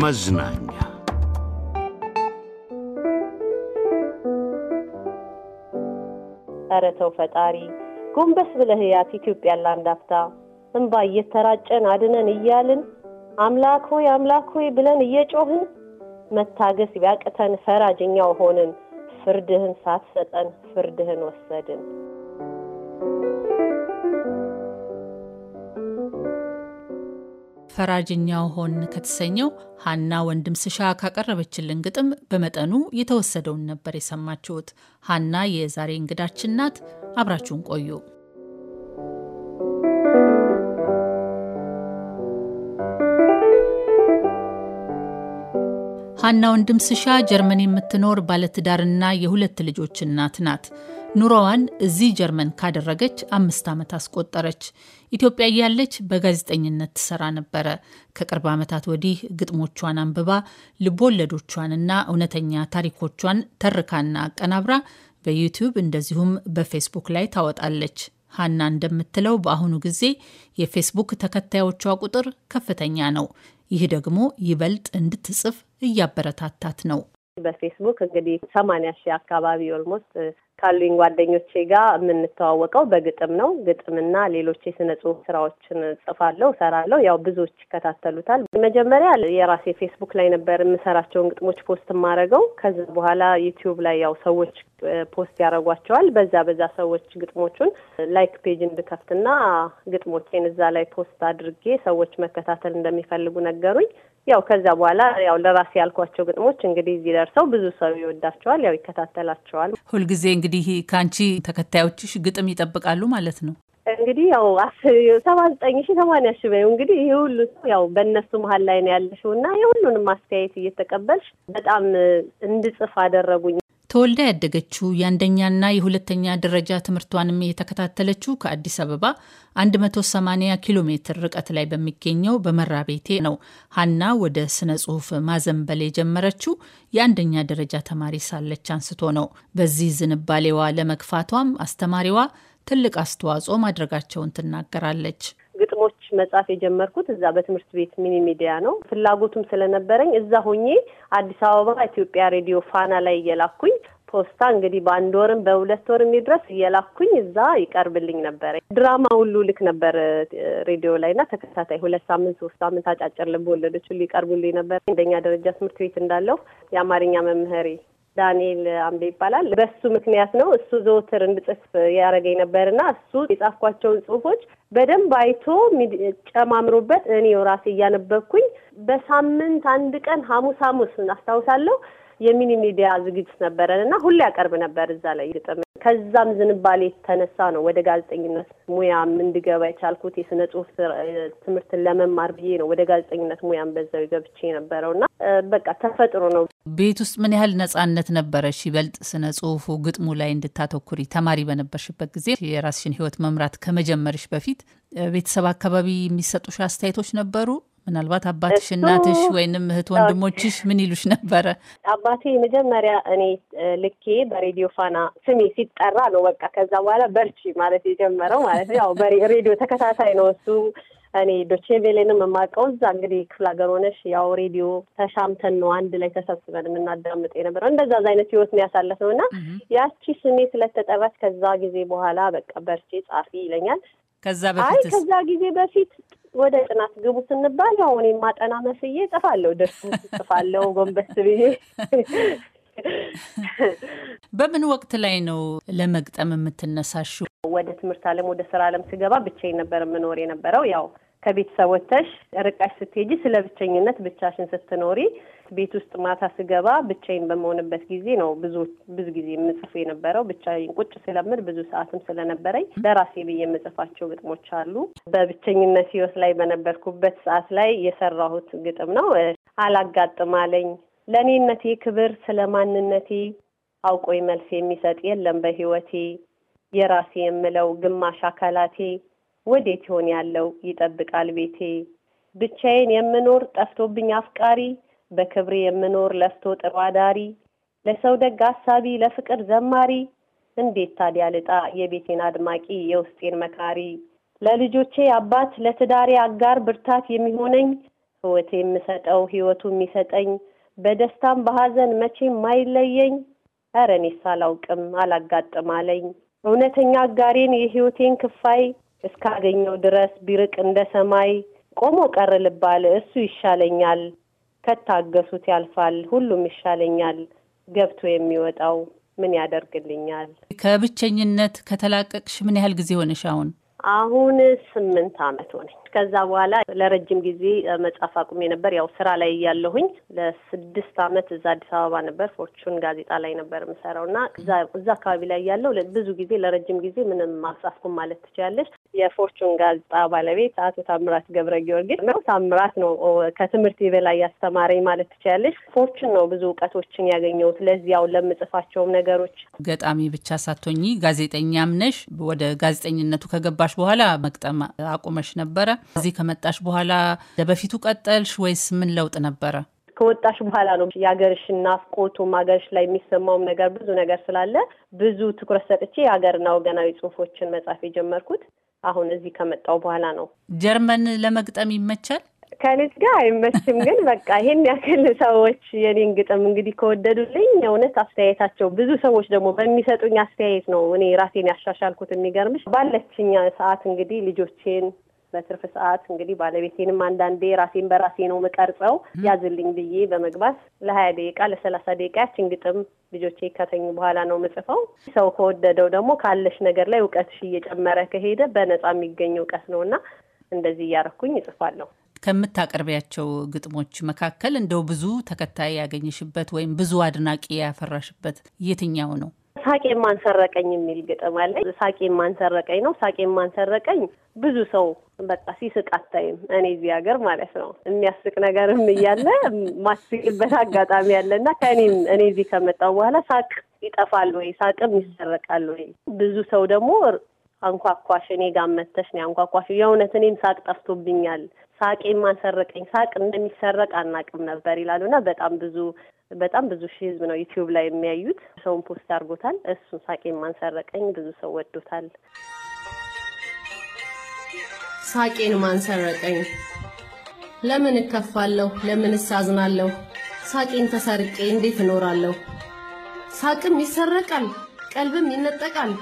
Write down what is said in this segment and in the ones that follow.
መዝናኛ ኧረ ተው ፈጣሪ ጎንበስ ብለህ ያት ኢትዮጵያን ለአንድ እንባ እየተራጨን አድነን እያልን አምላክ ሆይ አምላክ ሆይ ብለን እየጮህን መታገስ ቢያቅተን ፈራጅ ሆንን። ፍርድህን ሳትሰጠን ፍርድህን ወሰድን። ፈራጅኛው ሆን ከተሰኘው ሀና ወንድም ስሻ ካቀረበችልን ግጥም በመጠኑ የተወሰደውን ነበር የሰማችሁት። ሀና የዛሬ እንግዳችን ናት። አብራችሁን ቆዩ። ሀና ወንድምስሻ ጀርመን የምትኖር ባለትዳርና የሁለት ልጆች እናት ናት። ኑሮዋን እዚህ ጀርመን ካደረገች አምስት ዓመት አስቆጠረች። ኢትዮጵያ እያለች በጋዜጠኝነት ትሰራ ነበረ። ከቅርብ ዓመታት ወዲህ ግጥሞቿን አንብባ ልቦወለዶቿንና እውነተኛ ታሪኮቿን ተርካና አቀናብራ በዩቲዩብ እንደዚሁም በፌስቡክ ላይ ታወጣለች። ሀና እንደምትለው በአሁኑ ጊዜ የፌስቡክ ተከታዮቿ ቁጥር ከፍተኛ ነው። ይህ ደግሞ ይበልጥ እንድትጽፍ እያበረታታት ነው። በፌስቡክ እንግዲህ ሰማንያ ሺህ አካባቢ ኦልሞስት ካሉኝ ጓደኞቼ ጋር የምንተዋወቀው በግጥም ነው። ግጥምና ሌሎች የስነ ጽሁፍ ስራዎችን ጽፋለሁ፣ እሰራለሁ። ያው ብዙዎች ይከታተሉታል። መጀመሪያ የራሴ ፌስቡክ ላይ ነበር የምሰራቸውን ግጥሞች ፖስት ማድረገው። ከዚህ በኋላ ዩቲዩብ ላይ ያው ሰዎች ፖስት ያደረጓቸዋል። በዛ በዛ ሰዎች ግጥሞቹን ላይክ ፔጅ እንድከፍትና ግጥሞቼን እዛ ላይ ፖስት አድርጌ ሰዎች መከታተል እንደሚፈልጉ ነገሩኝ። ያው ከዛ በኋላ ያው ለራሴ ያልኳቸው ግጥሞች እንግዲህ እዚህ ደርሰው ብዙ ሰው ይወዳቸዋል፣ ያው ይከታተላቸዋል። ሁልጊዜ እንግዲህ ከአንቺ ተከታዮችሽ ግጥም ይጠብቃሉ ማለት ነው። እንግዲህ ያው ሰባ ዘጠኝ ሺ ሰማንያ ሺ በይው እንግዲህ ይህ ሁሉ ሰው ያው በእነሱ መሀል ላይ ነው ያለሽው እና የሁሉንም አስተያየት እየተቀበልሽ በጣም እንድጽፍ አደረጉኝ። ተወልዳ ያደገችው የአንደኛና የሁለተኛ ደረጃ ትምህርቷንም የተከታተለችው ከአዲስ አበባ 180 ኪሎ ሜትር ርቀት ላይ በሚገኘው በመራ ቤቴ ነው። ሀና ወደ ስነ ጽሁፍ ማዘንበል የጀመረችው የአንደኛ ደረጃ ተማሪ ሳለች አንስቶ ነው። በዚህ ዝንባሌዋ ለመግፋቷም አስተማሪዋ ትልቅ አስተዋጽኦ ማድረጋቸውን ትናገራለች። መጻፍ የጀመርኩት እዛ በትምህርት ቤት ሚኒ ሚዲያ ነው። ፍላጎቱም ስለነበረኝ እዛ ሆኜ አዲስ አበባ ኢትዮጵያ ሬዲዮ ፋና ላይ እየላኩኝ ፖስታ እንግዲህ በአንድ ወርም በሁለት ወር ድረስ እየላኩኝ እዛ ይቀርብልኝ ነበረ። ድራማ ሁሉ ልክ ነበር ሬዲዮ ላይ እና ተከታታይ ሁለት ሳምንት ሶስት ሳምንት አጫጭር ልብ ወለዶች ሁሉ ይቀርቡልኝ ነበር። አንደኛ ደረጃ ትምህርት ቤት እንዳለው የአማርኛ መምህሬ ዳንኤል አምቤ ይባላል። በሱ ምክንያት ነው እሱ ዘወትር እንድጽፍ ያደረገኝ ነበርና እሱ የጻፍኳቸውን ጽሁፎች በደንብ አይቶ ጨማምሮበት እኔው ራሴ እያነበብኩኝ በሳምንት አንድ ቀን ሐሙስ ሐሙስ አስታውሳለሁ የሚኒ ሚዲያ ዝግጅት ነበረን እና ሁሌ ያቀርብ ነበር እዛ ላይ ግጥም። ከዛም ዝንባሌ የተነሳ ነው ወደ ጋዜጠኝነት ሙያም እንድገባ የቻልኩት። የስነ ጽሁፍ ትምህርትን ለመማር ብዬ ነው ወደ ጋዜጠኝነት ሙያም በዛው ገብቼ ነበረው እና በቃ ተፈጥሮ ነው። ቤት ውስጥ ምን ያህል ነጻነት ነበረሽ? ይበልጥ ስነ ጽሁፉ ግጥሙ ላይ እንድታተኩሪ ተማሪ በነበርሽበት ጊዜ የራስሽን ህይወት መምራት ከመጀመርሽ በፊት ቤተሰብ አካባቢ የሚሰጡሽ አስተያየቶች ነበሩ? ምናልባት አባትሽ፣ እናትሽ ወይንም እህት ወንድሞችሽ ምን ይሉሽ ነበረ? አባቴ መጀመሪያ እኔ ልኬ በሬዲዮ ፋና ስሜ ሲጠራ ነው በቃ ከዛ በኋላ በርቺ ማለት የጀመረው ማለት ያው ሬዲዮ ተከታታይ ነው እሱ። እኔ ዶቼቬሌንም የማውቀው እዛ እንግዲህ ክፍለ ሀገር ሆነሽ ያው ሬዲዮ ተሻምተን ነው አንድ ላይ ተሰብስበን የምናዳምጥ የነበረው እንደዛ ዛ አይነት ህይወት ነው ያሳለፍ ነው እና ያቺ ስሜ ስለተጠራች ከዛ ጊዜ በኋላ በቃ በርቼ ጻፊ ይለኛል ከዛ በፊት አይ ከዛ ጊዜ በፊት ወደ ጥናት ግቡ ስንባል ያው እኔ ማጠና መስዬ እጽፋለሁ፣ ደስ እጽፋለሁ ጎንበስ ብዬ። በምን ወቅት ላይ ነው ለመግጠም የምትነሳሹ? ወደ ትምህርት አለም ወደ ስራ አለም ስገባ ብቻዬን ነበር የምኖር የነበረው። ያው ከቤተሰብ ከቤተሰቦተሽ ርቃሽ ስትሄጂ ስለ ብቸኝነት ብቻሽን ስትኖሪ ቤት ውስጥ ማታ ስገባ ብቻዬን በመሆንበት ጊዜ ነው ብዙ ብዙ ጊዜ የምጽፉ የነበረው። ብቻዬን ቁጭ ስለምል ብዙ ሰዓትም ስለነበረኝ ለራሴ ብዬ የምጽፋቸው ግጥሞች አሉ። በብቸኝነት ህይወት ላይ በነበርኩበት ሰዓት ላይ የሰራሁት ግጥም ነው። አላጋጥማለኝ ለእኔነቴ ክብር ስለ ማንነቴ አውቆይ መልስ የሚሰጥ የለም በህይወቴ የራሴ የምለው ግማሽ አካላቴ ወዴት ይሆን ያለው ይጠብቃል ቤቴ ብቻዬን የምኖር ጠፍቶብኝ አፍቃሪ በክብር የምኖር ለፍቶ ጥሩ አዳሪ፣ ለሰው ደግ አሳቢ፣ ለፍቅር ዘማሪ፣ እንዴት ታዲያ ልጣ የቤቴን አድማቂ የውስጤን መካሪ፣ ለልጆቼ አባት፣ ለትዳሬ አጋር ብርታት የሚሆነኝ ህይወት የምሰጠው ህይወቱ የሚሰጠኝ በደስታም በሐዘን መቼም ማይለየኝ፣ እረ እኔስ አላውቅም አላጋጥም አለኝ እውነተኛ አጋሬን የህይወቴን ክፋይ እስካገኘው ድረስ ቢርቅ እንደ ሰማይ ቆሞ ቀር ልባል እሱ ይሻለኛል ከታገሱት ያልፋል፣ ሁሉም ይሻለኛል፣ ገብቶ የሚወጣው ምን ያደርግልኛል። ከብቸኝነት ከተላቀቅሽ ምን ያህል ጊዜ ሆነሽ? አሁን አሁን ስምንት አመት? ሆነኝ። ከዛ በኋላ ለረጅም ጊዜ መጻፍ አቁሜ ነበር። ያው ስራ ላይ እያለሁኝ ለስድስት አመት እዛ አዲስ አበባ ነበር ፎርቹን ጋዜጣ ላይ ነበር የምሰራው እና እዛ አካባቢ ላይ ያለው ብዙ ጊዜ ለረጅም ጊዜ ምንም አልጻፍኩም ማለት ትችላለች። የፎርቹን ጋዜጣ ባለቤት አቶ ታምራት ገብረ ጊዮርጊስ ነው። ታምራት ነው ከትምህርት በላይ ያስተማረኝ ማለት ትችላለች። ፎርቹን ነው ብዙ እውቀቶችን ያገኘሁት ለዚያው ለምጽፋቸውም ነገሮች። ገጣሚ ብቻ ሳቶኝ ጋዜጠኛም ነሽ። ወደ ጋዜጠኝነቱ ከገባሽ በኋላ መቅጠም አቁመሽ ነበረ እዚህ ከመጣሽ በኋላ ለበፊቱ ቀጠልሽ ወይስ ምን ለውጥ ነበረ? ከወጣሽ በኋላ ነው የሀገርሽ ናፍቆቱም ሀገርሽ ላይ የሚሰማውም ነገር ብዙ ነገር ስላለ ብዙ ትኩረት ሰጥቼ የሀገርና ወገናዊ ጽሁፎችን መጻፍ የጀመርኩት አሁን እዚህ ከመጣው በኋላ ነው። ጀርመን ለመግጠም ይመቻል? ከልጅ ጋር አይመችም፣ ግን በቃ ይሄን ያክል ሰዎች የኔን ግጥም እንግዲህ ከወደዱልኝ እውነት አስተያየታቸው ብዙ ሰዎች ደግሞ በሚሰጡኝ አስተያየት ነው እኔ ራሴን ያሻሻልኩት። የሚገርምሽ ባለችኛ ሰዓት እንግዲህ ልጆቼን በትርፍ ሰዓት እንግዲህ ባለቤቴንም አንዳንዴ ራሴን በራሴ ነው የምቀርጸው ያዝልኝ ብዬ በመግባት ለሀያ ደቂቃ ለሰላሳ ደቂቃ ያችን ግጥም ልጆቼ ከተኙ በኋላ ነው ምጽፈው። ሰው ከወደደው ደግሞ ካለሽ ነገር ላይ እውቀትሽ እየጨመረ ከሄደ በነጻ የሚገኝ እውቀት ነው እና እንደዚህ እያረኩኝ ይጽፋለሁ። ከምታቀርቢያቸው ግጥሞች መካከል እንደው ብዙ ተከታይ ያገኘሽበት ወይም ብዙ አድናቂ ያፈራሽበት የትኛው ነው? ሳቄ ማንሰረቀኝ የሚል ግጥም አለ። ሳቄ ማንሰረቀኝ ነው። ሳቄ ማንሰረቀኝ ብዙ ሰው በቃ ሲስቅ አታይም። እኔ እዚህ ሀገር ማለት ነው የሚያስቅ ነገርም እያለ ማስቅበት አጋጣሚ አለ እና ከእኔም እኔ እዚህ ከመጣው በኋላ ሳቅ ይጠፋል ወይ ሳቅም ይሰረቃል ወይ? ብዙ ሰው ደግሞ አንኳኳሽ እኔ ጋር መተሽ ነው አንኳኳሽ። የእውነት እኔም ሳቅ ጠፍቶብኛል። ሳቄ ማንሰረቀኝ ሳቅ እንደሚሰረቅ አናቅም ነበር ይላሉ እና በጣም ብዙ በጣም ብዙ ሺህ ህዝብ ነው ዩቲዩብ ላይ የሚያዩት። ሰውን ፖስት አድርጎታል። እሱን ሳቄን ማንሰረቀኝ ብዙ ሰው ወዶታል። ሳቄን ማንሰረቀኝ ለምን እከፋለሁ? ለምን እሳዝናለሁ? ሳቄን ተሰርቄ እንዴት እኖራለሁ? ሳቅም ይሰረቃል፣ ቀልብም ይነጠቃል።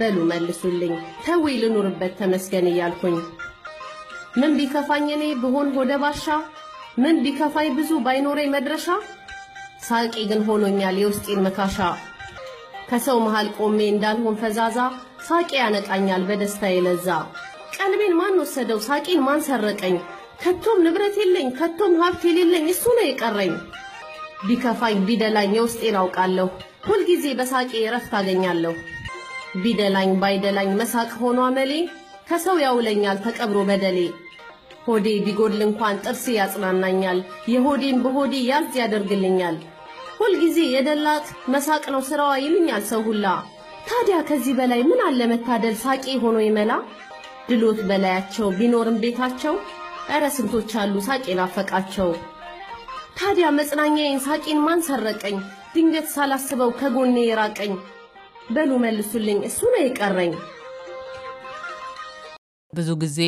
በሉ መልሱልኝ፣ ተዌ ልኑርበት ተመስገን እያልኩኝ ምን ቢከፋኝ እኔ ብሆን ሆደ ባሻ ምን ቢከፋኝ ብዙ ባይኖረኝ መድረሻ ሳቄ ግን ሆኖኛል የውስጤን መካሻ ከሰው መሃል ቆሜ እንዳልሆን ፈዛዛ ሳቄ ያነቃኛል በደስታ የለዛ ቀልቤን ማን ወሰደው ሳቄን ማን ሰረቀኝ ከቶም ንብረት የለኝ ከቶም ሀብት የሌለኝ እሱ ነው የቀረኝ ቢከፋኝ ቢደላኝ የውስጤን አውቃለሁ ሁልጊዜ በሳቄ እረፍት አገኛለሁ ቢደላኝ ባይደላኝ መሳቅ ሆኖ አመሌ ከሰው ያውለኛል ተቀብሮ በደሌ ሆዴ ቢጎድል እንኳን ጥርስ ያጽናናኛል፣ የሆዴን በሆዴ ያዝ ያደርግልኛል። ሁልጊዜ የደላት መሳቅ ነው ስራዋ ይልኛል ሰው ሁላ። ታዲያ ከዚህ በላይ ምን አለ መታደል ሳቄ ሆኖ ይመላ። ድሎት በላያቸው ቢኖርም ቤታቸው፣ እረ ስንቶች አሉ ሳቄ ናፈቃቸው። ታዲያ መጽናኛዬን ሳቄን ማን ሰረቀኝ? ድንገት ሳላስበው ከጎኔ የራቀኝ በሉ መልሱልኝ፣ እሱ ነው የቀረኝ። ብዙ ጊዜ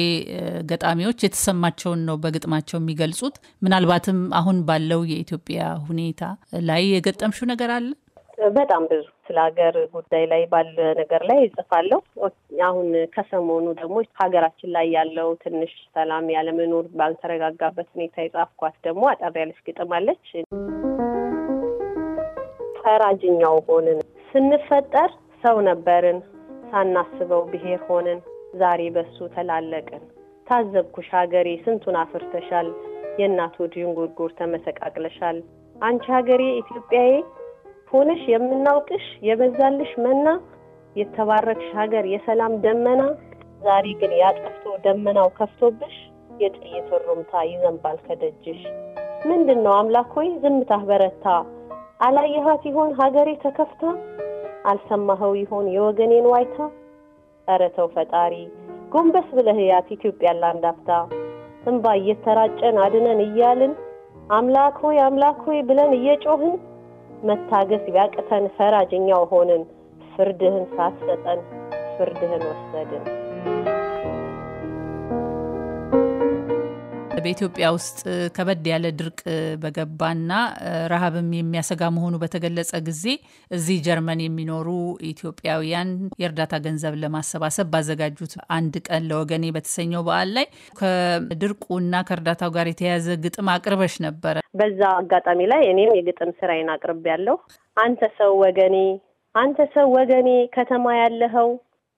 ገጣሚዎች የተሰማቸውን ነው በግጥማቸው የሚገልጹት። ምናልባትም አሁን ባለው የኢትዮጵያ ሁኔታ ላይ የገጠምሽው ነገር አለ? በጣም ብዙ ስለ ሀገር ጉዳይ ላይ ባለ ነገር ላይ ይጽፋለሁ። አሁን ከሰሞኑ ደግሞ ሀገራችን ላይ ያለው ትንሽ ሰላም ያለመኖር ባልተረጋጋበት ሁኔታ የጻፍኳት ደግሞ አጠር ያለች ግጥም አለች። ፈራጅኛው ሆንን ስንፈጠር ሰው ነበርን፣ ሳናስበው ብሄር ሆንን ዛሬ በሱ ተላለቅን። ታዘብኩሽ ሀገሬ ስንቱን አፍርተሻል። የእናቱ ድንጉርጉር ተመሰቃቅለሻል። አንቺ ሀገሬ ኢትዮጵያዬ ሆነሽ የምናውቅሽ የበዛልሽ መና፣ የተባረክሽ ሀገር የሰላም ደመና። ዛሬ ግን ያጠፍቶ ደመናው ከፍቶብሽ የጥይት ሩምታ ይዘንባል ከደጅሽ። ምንድን ነው አምላክ ሆይ ዝምታህ በረታ። አላየሃት ይሆን ሀገሬ ተከፍታ? አልሰማኸው ይሆን የወገኔን ዋይታ? ኧረ ተው ፈጣሪ፣ ጎንበስ ብለህ ያት ኢትዮጵያን ለአንድ አፍታ እንባ እየተራጨን አድነን እያልን አምላክ ሆይ አምላክ ሆይ ብለን እየጮህን መታገስ ቢያቅተን ፈራጅኛው ሆንን። ፍርድህን ሳትሰጠን ፍርድህን ወሰድን። በኢትዮጵያ ውስጥ ከበድ ያለ ድርቅ በገባና ረሃብም የሚያሰጋ መሆኑ በተገለጸ ጊዜ እዚህ ጀርመን የሚኖሩ ኢትዮጵያውያን የእርዳታ ገንዘብ ለማሰባሰብ ባዘጋጁት አንድ ቀን ለወገኔ በተሰኘው በዓል ላይ ከድርቁና ከእርዳታው ጋር የተያያዘ ግጥም አቅርበሽ ነበረ። በዛ አጋጣሚ ላይ እኔም የግጥም ስራዬን አቅርብ ያለው አንተ ሰው ወገኔ፣ አንተ ሰው ወገኔ ከተማ ያለኸው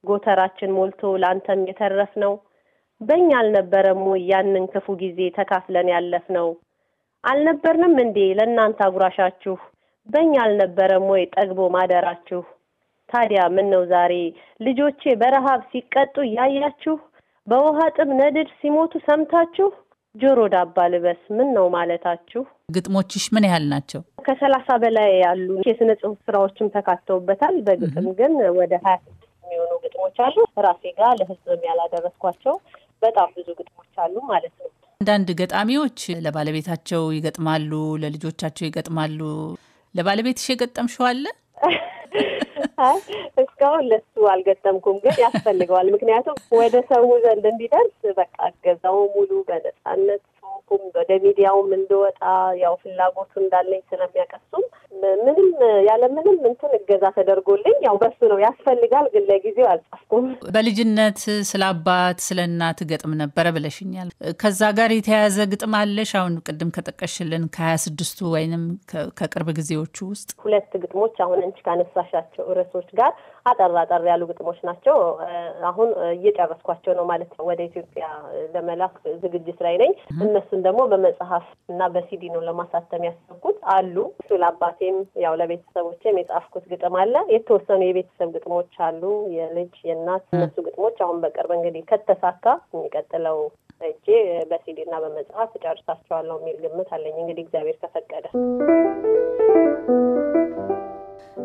ጎተራችን ሞልቶ ለአንተም የተረፍ ነው በእኛ አልነበረም ወይ ያንን ክፉ ጊዜ ተካፍለን ያለፍ ነው አልነበርንም እንዴ ለእናንተ አጉራሻችሁ? በእኛ አልነበረም ወይ ጠግቦ ማደራችሁ? ታዲያ ምን ነው ዛሬ ልጆቼ በረሃብ ሲቀጡ እያያችሁ፣ በውሃ ጥም ነድድ ሲሞቱ ሰምታችሁ ጆሮ ዳባ ልበስ ምን ነው ማለታችሁ። ግጥሞችሽ ምን ያህል ናቸው? ከሰላሳ በላይ ያሉ የስነ ጽሁፍ ስራዎችም ተካተውበታል። በግጥም ግን ወደ ሀያ ስድስት የሚሆኑ ግጥሞች አሉ። ራሴ ጋር ለህዝብም ያላደረስኳቸው በጣም ብዙ ግጥሞች አሉ ማለት ነው። አንዳንድ ገጣሚዎች ለባለቤታቸው ይገጥማሉ፣ ለልጆቻቸው ይገጥማሉ። ለባለቤትሽ የገጠምሽው አለ? እስካሁን ለሱ አልገጠምኩም፣ ግን ያስፈልገዋል። ምክንያቱም ወደ ሰው ዘንድ እንዲደርስ በቃ ገዛው ሙሉ በነጻነት አላወቅኩም። ወደ ሚዲያውም እንደወጣ ያው ፍላጎቱ እንዳለኝ ስለሚያቀሱም ምንም ያለምንም እንትን እገዛ ተደርጎልኝ ያው በሱ ነው ያስፈልጋል፣ ግን ለጊዜው አልጻፍኩም። በልጅነት ስለ አባት ስለ እናት ገጥም ነበረ ብለሽኛል። ከዛ ጋር የተያያዘ ግጥም አለሽ? አሁን ቅድም ከጠቀሽልን ከሀያ ስድስቱ ወይንም ከቅርብ ጊዜዎቹ ውስጥ ሁለት ግጥሞች አሁን እንች ካነሳሻቸው ርዕሶች ጋር አጠር አጠር ያሉ ግጥሞች ናቸው። አሁን እየጨረስኳቸው ነው ማለት ነው። ወደ ኢትዮጵያ ለመላክ ዝግጅት ላይ ነኝ። እነሱን ደግሞ በመጽሐፍ እና በሲዲ ነው ለማሳተም ያሰብኩት። አሉ ለአባቴም ያው ለቤተሰቦቼም የጻፍኩት ግጥም አለ። የተወሰኑ የቤተሰብ ግጥሞች አሉ፣ የልጅ የእናት እነሱ ግጥሞች አሁን በቅርብ እንግዲህ ከተሳካ የሚቀጥለው እጄ በሲዲ እና በመጽሐፍ እጨርሳቸዋለሁ የሚል ግምት አለኝ እንግዲህ እግዚአብሔር ከፈቀደ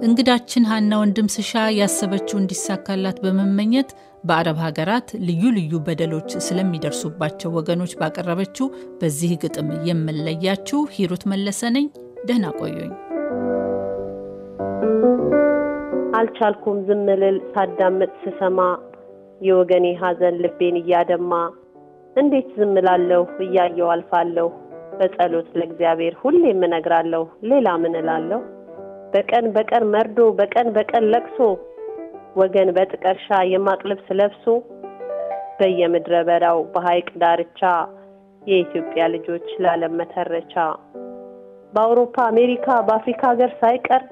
እንግዳችን ሀና ወንድም ስሻ ያሰበችው እንዲሳካላት በመመኘት በአረብ ሀገራት ልዩ ልዩ በደሎች ስለሚደርሱባቸው ወገኖች ባቀረበችው በዚህ ግጥም የምለያችሁ ሂሩት መለሰ ነኝ። ደህና ቆዩኝ። አልቻልኩም ዝም ልል ሳዳምጥ ስሰማ የወገኔ ሀዘን ልቤን እያደማ እንዴት ዝም እላለሁ እያየው አልፋለሁ በጸሎት ለእግዚአብሔር ሁሌም የምነግራለሁ ሌላ ምን እላለሁ? በቀን በቀን መርዶ፣ በቀን በቀን ለቅሶ ወገን በጥቀርሻ የማቅ ልብስ ለብሶ በየምድረ በዳው በሐይቅ ዳርቻ የኢትዮጵያ ልጆች ለዓለም መተረቻ በአውሮፓ አሜሪካ፣ በአፍሪካ ሀገር ሳይቀር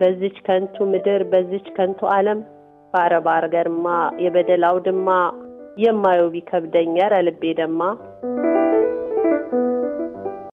በዚች ከንቱ ምድር በዚች ከንቱ ዓለም በአረብ ሀገርማ የበደል አውድማ የማየው ቢከብደኝ ኧረ ልቤ ደማ